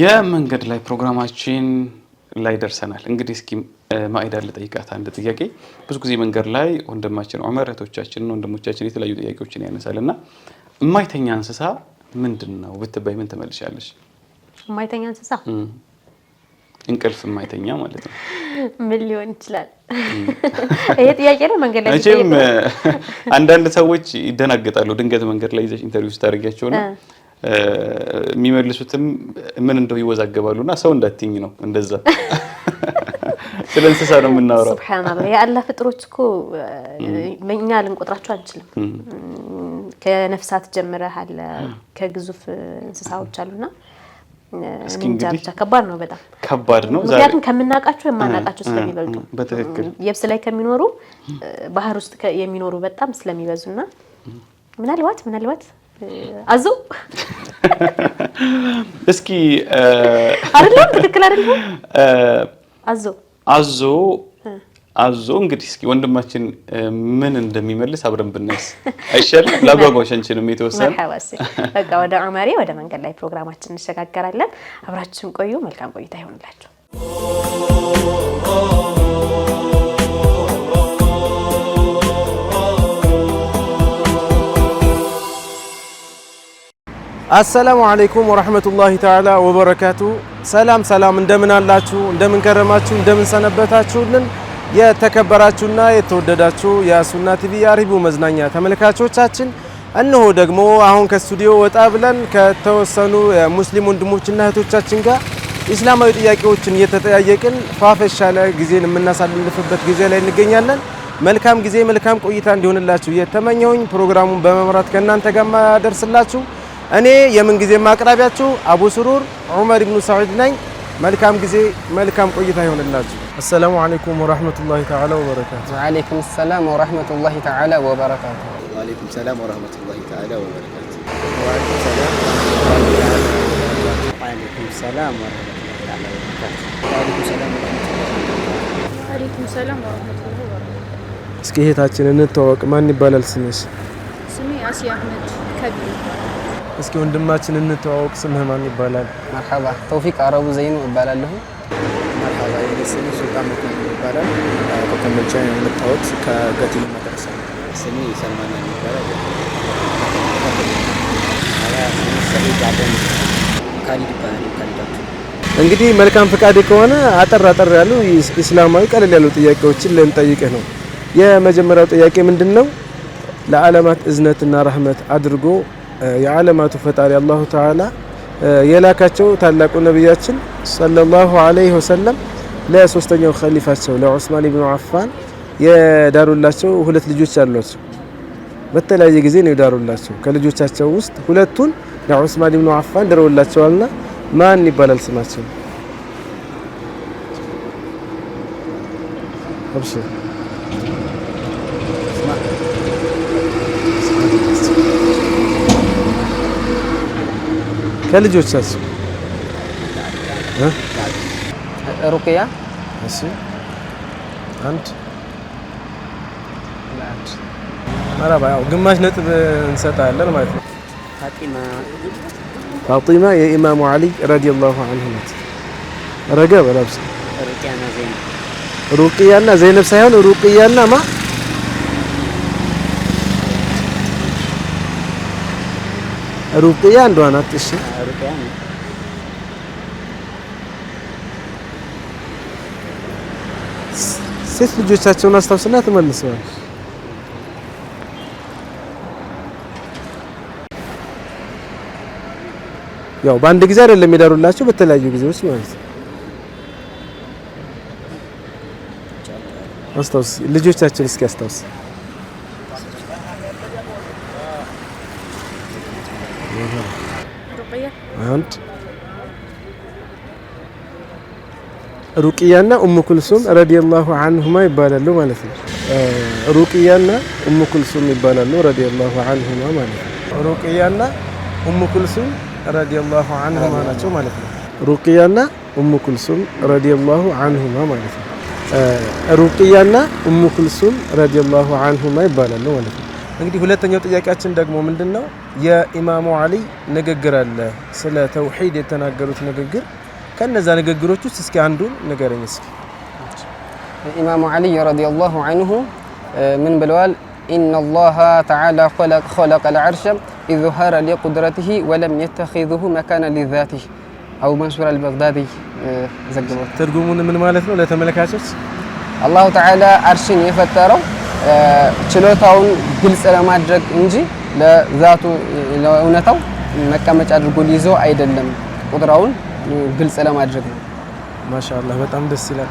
የመንገድ ላይ ፕሮግራማችን ላይ ደርሰናል። እንግዲህ እስኪ ማኢዳ ልጠይቃት አንድ ጥያቄ። ብዙ ጊዜ መንገድ ላይ ወንድማችን ዑመር ወንድሞቻችን የተለያዩ ጥያቄዎችን ያነሳል እና እማይተኛ እንስሳ ምንድን ነው ብትባይ ምን ትመልሻለሽ? እማይተኛ እንስሳ እንቅልፍ የማይተኛ ማለት ነው። ምን ሊሆን ይችላል? ይሄ ጥያቄ ነው። መንገድ ላይ መቼም አንዳንድ ሰዎች ይደናገጣሉ። ድንገት መንገድ ላይ ይዘሽ ኢንተርቪው ስታደርጊያቸው ነው የሚመልሱትም ምን እንደው ይወዛገባሉ እና ሰው እንዳትኝ ነው እንደዛ ስለ እንስሳ ነው የምናወራው። ሱብሃንአላህ የአላህ ፍጥሮች እኮ እኛ ልንቆጥራቸው አንችልም። ከነፍሳት ጀምረህ አለ ከግዙፍ እንስሳዎች አሉና ብቻ ከባድ ነው፣ በጣም ከባድ ነው። ምክንያቱም ከምናውቃቸው የማናውቃቸው ስለሚበልጡ በትክክል የብስ ላይ ከሚኖሩ ባህር ውስጥ የሚኖሩ በጣም ስለሚበዙና ምናልባት ምናልባት አዘው እስኪ አይደለም ትክክል አይደለም። አዞ አዞ አዞ እንግዲህ እስኪ ወንድማችን ምን እንደሚመልስ አብረን ብናይስ አይሻልም? ላጓጓሽ አንችልም የተወሰነ በቃ ወደ ዑመሬ ወደ መንገድ ላይ ፕሮግራማችን እንሸጋገራለን። አብራችሁን ቆዩ። መልካም ቆይታ ይሆንላችሁ። አሰላሙ አለይኩም ወረህመቱላሂ ተዓላ ወበረካቱ። ሰላም ሰላም፣ እንደምን አላችሁ? እንደምን ከረማችሁ? እንደምን ሰነበታችሁልን? የተከበራችሁና የተወደዳችሁ የሱና ቲቪ የአርሂቡ መዝናኛ ተመልካቾቻችን፣ እነሆ ደግሞ አሁን ከስቱዲዮ ወጣ ብለን ከተወሰኑ ሙስሊም ወንድሞችና እህቶቻችን ጋር ኢስላማዊ ጥያቄዎችን እየተጠያየቅን ፋፈሽ ያለ ጊዜን የምናሳልፍበት ጊዜ ላይ እንገኛለን። መልካም ጊዜ መልካም ቆይታ እንዲሆንላችሁ የተመኘሁኝ ፕሮግራሙን በመምራት ከእናንተ ጋር ማደርስላችሁ እኔ የምንጊዜ ማቅራቢያችሁ አቡ ስሩር ዑመር ኢብኑ ሰዑድ ነኝ። መልካም ጊዜ፣ መልካም ቆይታ ይሆንላችሁ። አሰላሙ አለይኩም ወራህመቱላሂ ተዓላ ወበረካቱ። ወአለይኩም ሰላም ወራህመቱላሂ ተዓላ ወበረካቱ። ወአለይኩም ሰላም ወራህመቱላሂ ተዓላ ወበረካቱ። ወአለይኩም ሰላም ወራህመቱላሂ ተዓላ ወበረካቱ። ወአለይኩም ሰላም ወራህመቱላሂ ወበረካቱ። እስኪ እህታችን እንተዋወቅ። ማን ይባላል ስምሽ? ስሜ አሲያ አህመድ ከቢ ይባላል። እስኪ ወንድማችን እንተዋወቅ። ስምህ ማን ይባላል? መርሐባ ተውፊቅ አረቡ ዘይኑ እባላለሁ። መርሐባ ስሜ ሱልጣን መኮንን ይባላል። ከኮምቦልቻ የመጣሁት ከገትሉ መድረሳ። ስሜ ሰልማን ይባላል። ካሊድ ይባላል። ካሊዳቸው እንግዲህ መልካም ፈቃድ ከሆነ አጠር አጠር ያሉ እስላማዊ ቀለል ያሉ ጥያቄዎችን ልንጠይቅህ ነው። የመጀመሪያው ጥያቄ ምንድን ነው? ለዓለማት እዝነትና ረህመት አድርጎ የዓለማቱ ፈጣሪ አላሁ ተዓላ የላካቸው ታላቁ ነቢያችን ሰለላሁ አለይሂ ወሰለም ለሶስተኛው ኸሊፋቸው ለዑስማን ኢብኑ አፋን የዳሩላቸው ሁለት ልጆች አሏቸው። በተለያየ ጊዜ ነው የዳሩላቸው። ከልጆቻቸው ውስጥ ሁለቱን ለዑስማን ኢብኑ አፋን ድረውላቸዋልና ማን ይባላል ስማቸው? كل جو تساس رقية هسي أنت أنت انا يا قماش نت نسيت على ما يثبت فاطمة فاطمة يا إمام علي رضي الله عنه رقى ولا بس رقية أنا زينب رقية أنا زينب سيان رقية أنا ما ሩቅያ አንዷ ናት። እሺ ሴት ልጆቻቸውን አስታውስና ተመልሰዋል። ያው በአንድ ጊዜ አይደለም የዳሩላቸው በተለያዩ ጊዜዎች ማለት ነው። አስታውስ ልጆቻችን እስኪ አስታውስ አንድ ሩቅያና ኡሙ ኩልሱም ረዲየላሁ አንሁማ ይባላሉ ማለት ነው። ሩቅያና ኡሙ ኩልሱም ይባላሉ ረዲየላሁ አንሁማ ማለት ነው። ሩቅያና ኡሙ ኩልሱም ረዲየላሁ አንሁማ ናቸው ማለት ነው። ሩቅያና ኡሙ ኩልሱም ረዲየላሁ አንሁማ ማለት ነው። ሩቅያና ኡሙ ኩልሱም ረዲየላሁ አንሁማ ይባላሉ ማለት ነው። እንግዲህ ሁለተኛው ጥያቄያችን ደግሞ ምንድን ነው? የኢማሙ አሊ ንግግር አለ ስለ ተውሂድ የተናገሩት ንግግር። ከነዛ ንግግሮች ውስጥ እስኪ አንዱን ንገረኝ እስኪ። ኢማሙ አሊ ረዲየላሁ አንሁ ምን ብለዋል? ኢነላሃ ተዓላ ኸለቀል ዐርሸ ኢዝሃረ ሊቁድረቲሂ ወለም የተኺዝሁ መካነ ሊዛቲህ አቡ መንሱር አልበግዳዲ ዘግቧል። ትርጉሙን ምን ማለት ነው ለተመልካቾች? አላሁ ተዓላ አርሽን የፈጠረው ችሎታውን ግልጽ ለማድረግ እንጂ ለዛቱ ለእውነታው መቀመጫ አድርጎ ሊይዞ አይደለም ቁጥራውን ግልጽ ለማድረግ ነው ማሻአላህ በጣም ደስ ይላል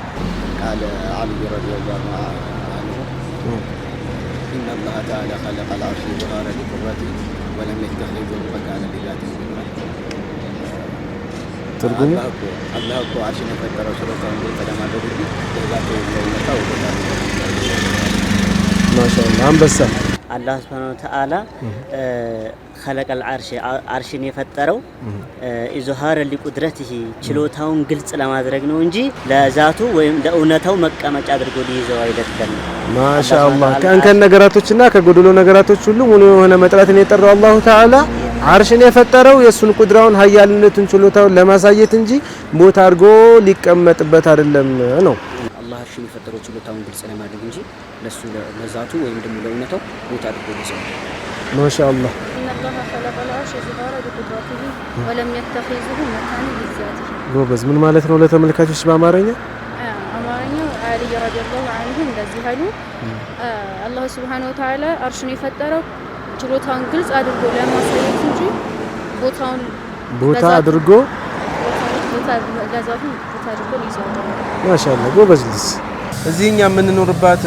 ቃለ አብይ ረዲ إن الله تعالى خلق العرش ظهارا لقرة ولم يتخذ فكان لذات ترجمة الله أكبر عرش نفكر وشرطه من ذات المعبودية ذات المعبودية ማሻአላ አንበሳ አላህ ሱብሃነሁ ወተዓላ ኸለቀል አርሽ አርሽን የፈጠረው ኢዝሃረ ሊቁድረትህ ችሎታውን ግልጽ ለማድረግ ነው እንጂ ለዛቱ ወይም ለእውነታው መቀመጫ አድርጎ ሊይዘው አይደለም። ማሻአላ ከእንከን ነገራቶችና ከጎደሎ ነገራቶች ሁሉ ሙሉ የሆነ መጥራትን የጠራው አላሁ ተዓላ አርሽን የፈጠረው የእሱን ቁድራውን ኃያልነቱን ችሎታውን ለማሳየት እንጂ ቦታ አድርጎ ሊቀመጥበት አይደለም ነው። አላህ እርሽን የፈጠረው ችሎታውን ግልጽ ለማድረግ እንጂ ለሱ ለዛቱ ወይም ደግሞ ለእውነታው ቦታ አድርጎ ይዘው ማሻአላህ ጎበዝ። ምን ማለት ነው ለተመልካቾች በአማርኛ? አማርኛው አሊ ረዲየላሁ አንሁ እንደዚህ አሉ። አላህ ሱብሓነሁ ወተዓላ አርሽን የፈጠረው ችሎታውን ግልጽ አድርጎ ለማሳየት እንጂ ቦታውን ቦታ አድርጎ ቦታ ለዛቱ እንዴት አድርጎን ይዟል። ማሻአላ ጎበዝ ልጅ። እዚህ እኛ የምንኖርባት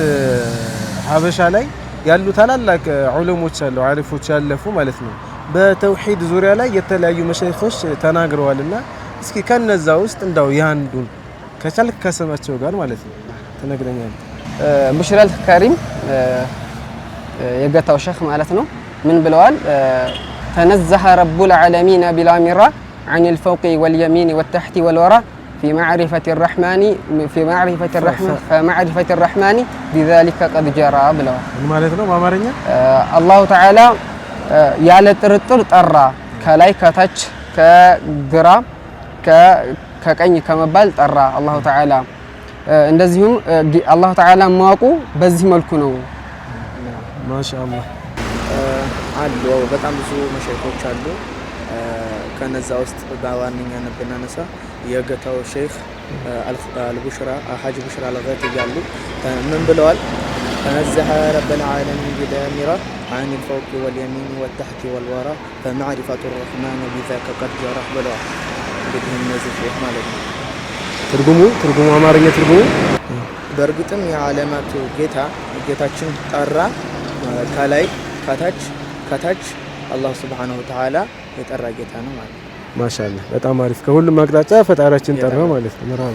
ሀበሻ ላይ ያሉ ታላላቅ ዑለሞች አሉ፣ አሪፎች ያለፉ ማለት ነው። በተውሂድ ዙሪያ ላይ የተለያዩ መሸይኾች ተናግረዋልና እስኪ ከነዛ ውስጥ እንዳው ያንዱን ከቻልክ ከስማቸው ጋር ማለት ነው ትነግረኛለህ። ሙሽራል ከሪም የገታው ሸህ ማለት ነው። ምን ብለዋል? ተነዘሀ ረቡል ዓለሚን ቢላ ሚራ አን ልፈውቂ ወልየሚን ወተሕቲ ወልወራ في معرفة الرحمن في معرفة الرحمن فمعرفة الرحمن بذلك قد جرى ብለዋል። ማለት ነው በአማርኛ አላሁ ተዓላ ያለ ጥርጥር ጠራ። ከላይ ከታች ከግራ ከቀኝ ከመባል ጠራ አላሁ ተዓላ። እንደዚሁም አላሁ ተዓላ ማወቁ በዚህ መልኩ ነው። ማሻአላህ አሉ። በጣም ብዙ መሸይኮች አሉ ከነዛ ውስጥ በዋነኛነት ብናነሳ የገታው ሼክ አልቡሽራ ሀጅ ቡሽራ አልገት እያሉ ምን ብለዋል? ተነዘሀ ረበል ዓለሚን ቢዳሚራ አን ልፈውቅ ወልየሚን ወታሕቲ ወልወራ ፈማዕሪፈቱ ረሕማን ቢዛከ ቀድ ጀራህ ብለዋል። እንግዲህ እነዚህ ሼክ ማለት ነው። ትርጉሙ ትርጉሙ አማርኛ ትርጉሙ በእርግጥም የዓለማቱ ጌታ ጌታችን ጠራ ከላይ ከታች ከታች አላህ ስብሓነሁ ወተዓላ የጠራ ጌታ ነው ማለት ነው። ማሻአላ በጣም አሪፍ። ከሁሉም አቅጣጫ ፈጣሪያችን ጠራ ማለት ነው። ነው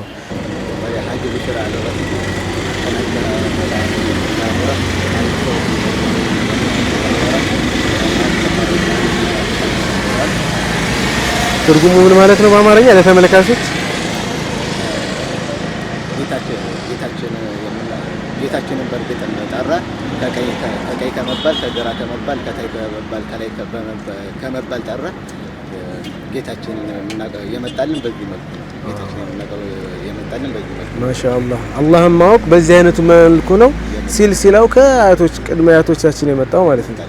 ትርጉሙ ምን ማለት ነው በአማርኛ ለተመልካቾች? ጌታችን ጌታችንን በእርግጥ እንደጠራ ከቀይ ከመባል ከግራ ከመባል ከታይ በመባል ከላይ ከመባል ጠራ። ጌታችንን የመጣልን በዚህ መልኩ ጌታችንን ማሻአላህ። አላህን ማወቅ በዚህ አይነቱ መልኩ ነው። ሲልሲላው ከአያቶች ቅድመ አያቶቻችን የመጣው ማለት ነው።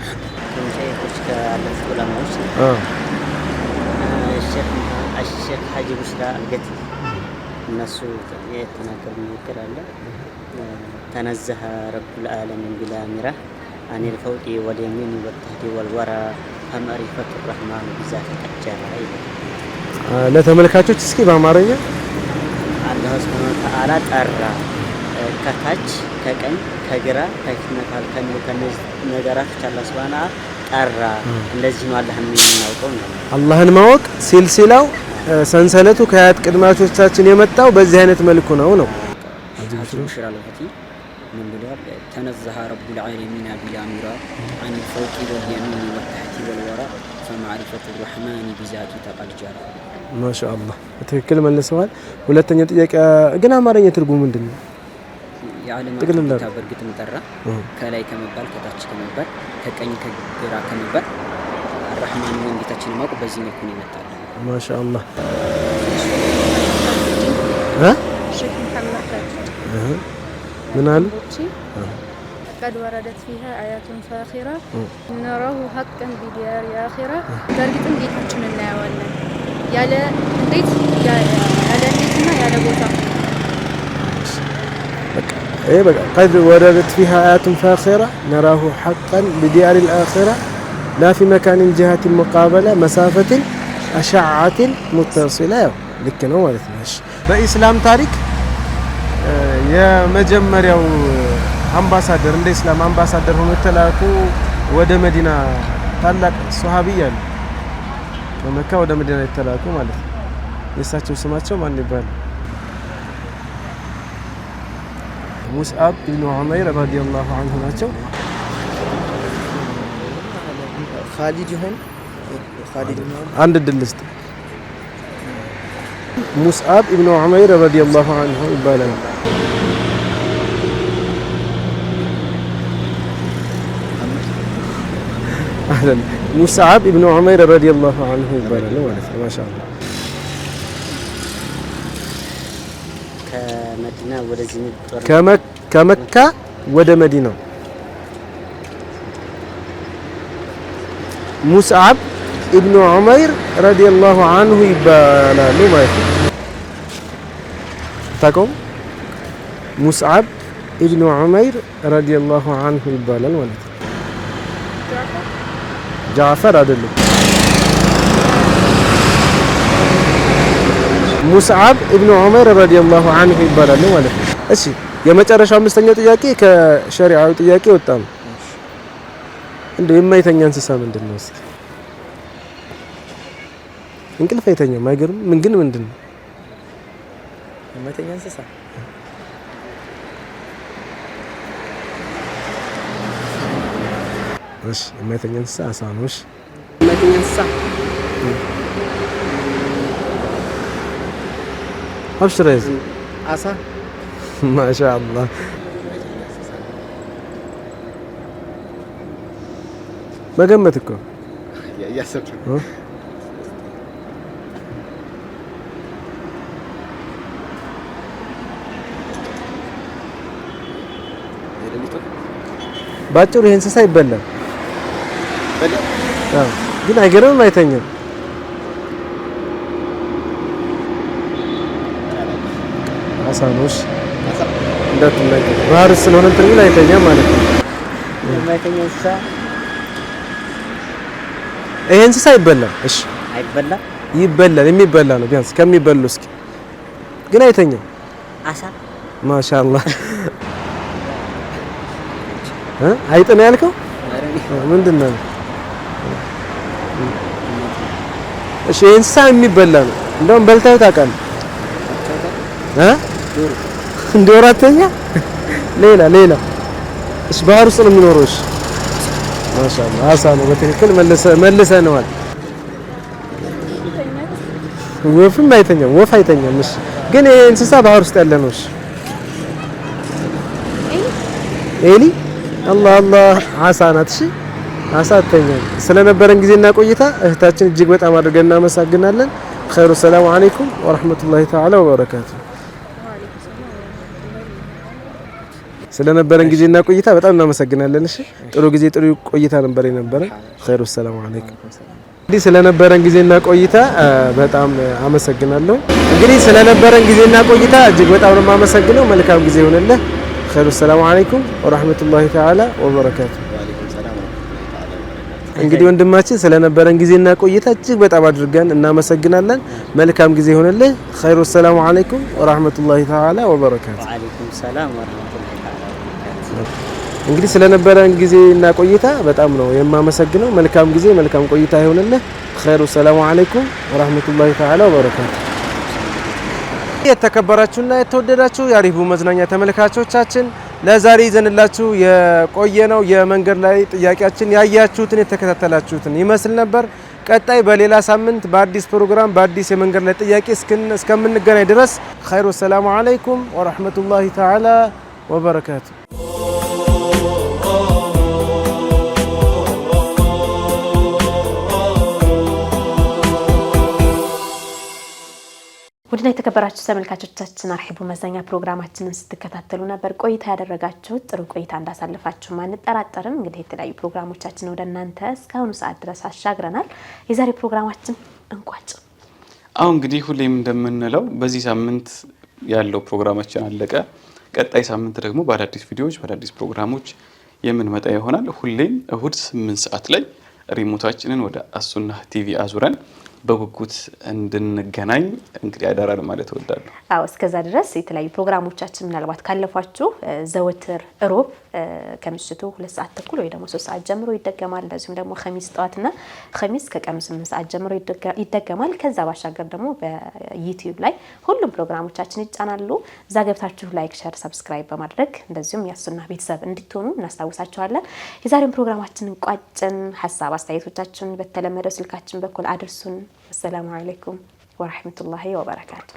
ሼክ ሀጂ ሙስላ አልገት እነሱ የተናገሩ ንግግር አለ። ተነዘሀ ረቡል ዓለሚን ቢላ ሚራ አኒል ፈውቂ ወልየሚኒ ወተህዲ ወልወራ ከመሪፈቱ ረህማኑ ብዛት ተቀጀረ ይላል። ለተመልካቾች እስኪ በአማርኛ አላህ ስብሃነ ተዓላ ጠራ ከታች ከቀኝ ከግራ ከፊትና ካልከን ከነዚህ ነገራት ቻላ ስብሃነ ጠራ። እንደዚህ ነው አላህን የምናውቀው አላህን ማወቅ ሲልሲላው ሰንሰለቱ ከአያት ቅድማቾቻችን የመጣው በዚህ አይነት መልኩ ነው ነው ምን ብሏል? ተነዘሀ ረቡል ዓለሚን ቢላሚራ አን ፈውቂ ወልየሚን ወልወራ ፈማዕሪፈቱ ረሕማን ቢዛቱ መልሰዋል። ሁለተኛ ጥያቄ ግን አማርኛ ምንድን ነው? በእርግጥም ጠራ ከላይ ከመባል ከታች ከመባል ከቀኝ ከግራ ከመባል ወንጌታችን በዚህ መልኩ ነው የመጣ ما شاء الله ها؟ الشيخ محمد أه. من قال؟ قد وردت فيها آيات فاخرة نراه حقا بديار آخرة በእርግጥ ጌታችን እናየዋለን ያለ እንዴት ያለ እንዴትና ያለ بوتا ايه بقى قد وردت فيها آيات فاخرة نراه حقا بديار الآخرة لا في مكان جهة المقابلة مسافة አሻዓቲል ሙተሲላ ያው ልክ ነው ማለት ነው። በኢስላም ታሪክ የመጀመሪያው አምባሳደር እንደ ኢስላም አምባሳደር ሆኖ የተላኩ ወደ መዲና ታላቅ ሶሃቢ ያሉ ከመካ ወደ መዲና የተላኩ ማለት ነው። የእሳቸው ስማቸው ማን ይባላል? ሙስአብ ብኑ ዑመይር ረዲየላሁ አንሁ ናቸው። ኻሊድ ይሆን عند الدلست مصعب ابن عمير رضي الله عنه يبالا اهلا مصعب ابن عمير رضي الله عنه يبالا ما شاء الله كمكة ود مدينة مصعب ابن عمير رضي الله عنه يبانا لو ما يفهم تاكم مصعب ابن عمر رضي الله عنه يبانا لو جعفر عدل مصعب ابن عمر رضي الله عنه يبانا لو እሺ የመጨረሻው አምስተኛው ጥያቄ ከሸሪዓዊ ጥያቄ ወጣ ነው እንደ የማይተኛ እንስሳ ምንድን ነው እስኪ እንቅልፍ አይተኛም። አይገርም። ምን ግን ምንድን ነው የማይተኛ እንስሳ? እሺ፣ የማይተኛ እንስሳ አሳ ነው። እሺ፣ የማይተኛ እንስሳ አብሽራ ይዘህ አሳ። ማሻአላህ መገመት እኮ ባጭሩ ይሄ እንስሳ ይበላል። ግን አይገርምም? አይተኝም። አሳኖች እንዳትነቅ ባህር ስለሆነ ትርጉም አይተኛም ማለት ነው። ይሄ እንስሳ ይበላል። እሺ ይበላል፣ የሚበላ ነው ቢያንስ ከሚበሉ እስኪ ግን አይተኛም። ማሻአላህ አይጥ ነው ያልከው? ምንድን ነው? እሺ እንስሳ የሚበላ ነው። እንደውም በልተህ ታውቃለህ? እ እንደ ወራተኛ ሌላ ሌላ። እሺ ባህር ውስጥ ነው የሚኖረው? እሺ ማሻአላህ፣ አሳ ነው በትክክል መልሰነዋል። ወፍም አይተኛም፣ ወፍ አይተኛም። እሺ ግን ይሄ እንስሳ ባህር ውስጥ ያለ ነው። እሺ ኤሊ አላህ አላህ አሳ ናት። እሺ አሳ አተኛል። ስለነበረን ጊዜና ቆይታ እህታችን እጅግ በጣም አድርገን እናመሰግናለን። ኸይሩ ሰላሙ አለይኩም ወረህመቱላሂ ተዓላ ወበረካቱ። ስለነበረን ጊዜና ቆይታ በጣም እናመሰግናለን። እሺ ጥሩ ጊዜ ጥሩ ቆይታ ነበር የነበረ። ኸይሩ ሰላሙ አለይኩም። እንግዲህ ስለነበረን ጊዜና ቆይታ በጣም አመሰግናለሁ። እንግዲህ ስለነበረን ጊዜና ቆይታ እጅግ በጣም ነው የማመሰግነው። መልካም ጊዜ ይሁንልህ። ኸይር። ሰላሙ አለይኩም ወራህመቱላሂ ተዓላ ወበረካቱ። እንግዲህ ወንድማችን ስለነበረን ጊዜና ቆይታ እጅግ በጣም አድርገን እናመሰግናለን። መልካም ጊዜ ይሆንልህ። ኸይር። ሰላሙ አለይኩም ወራህመቱላሂ ተዓላ ወበረካቱ። እንግዲህ ስለነበረን ጊዜና ቆይታ በጣም ነው የማመሰግነው። መልካም ጊዜ፣ መልካም ቆይታ ይሆንልህ። ኸይር። ሰላሙ አለይኩም ወራህመቱላሂ ተዓላ ወበረካቱ። የተከበራችሁና የተወደዳችሁ የአሪፉ መዝናኛ ተመልካቾቻችን ለዛሬ ይዘንላችሁ የቆየ ነው የመንገድ ላይ ጥያቄያችን ያያችሁትን የተከታተላችሁትን ይመስል ነበር። ቀጣይ በሌላ ሳምንት በአዲስ ፕሮግራም በአዲስ የመንገድ ላይ ጥያቄ እስከምንገናኝ ድረስ ኸይሩ ሰላሙ አለይኩም ወረህመቱላሂ ተዓላ ወበረካቱ። ውድና የተከበራችሁ ተመልካቾቻችን አርሒቡ መዝናኛ ፕሮግራማችንን ስትከታተሉ ነበር። ቆይታ ያደረጋችሁ ጥሩ ቆይታ እንዳሳለፋችሁም አንጠራጠርም። እንግዲህ የተለያዩ ፕሮግራሞቻችን ወደ እናንተ እስካሁኑ ሰዓት ድረስ አሻግረናል። የዛሬ ፕሮግራማችን እንቋጭ። አሁ እንግዲህ ሁሌም እንደምንለው በዚህ ሳምንት ያለው ፕሮግራማችን አለቀ። ቀጣይ ሳምንት ደግሞ በአዳዲስ ቪዲዮዎች በአዳዲስ ፕሮግራሞች የምንመጣ ይሆናል። ሁሌም እሁድ ስምንት ሰዓት ላይ ሪሞታችንን ወደ አሱና ቲቪ አዙረን በጉጉት እንድንገናኝ እንግዲህ አደራ ማለት እወዳለሁ። አዎ እስከዛ ድረስ የተለያዩ ፕሮግራሞቻችን ምናልባት ካለፏችሁ ዘወትር እሮብ ከምሽቱ ሁለት ሰዓት ተኩል ወይ ደግሞ ሶስት ሰዓት ጀምሮ ይደገማል። እንደዚሁም ደግሞ ከሚስ ጠዋትና ከሚስ ከቀኑ ስምንት ሰዓት ጀምሮ ይደገማል። ከዛ ባሻገር ደግሞ በዩቲዩብ ላይ ሁሉም ፕሮግራሞቻችን ይጫናሉ። እዛ ገብታችሁ ላይክ፣ ሸር፣ ሰብስክራይብ በማድረግ እንደዚሁም ያሱና ቤተሰብ እንድትሆኑ እናስታውሳችኋለን። የዛሬውን ፕሮግራማችንን ቋጭን። ሀሳብ አስተያየቶቻችን በተለመደው ስልካችን በኩል አድርሱን። አሰላሙ አለይኩም ወረህመቱላሂ ወበረካቱ።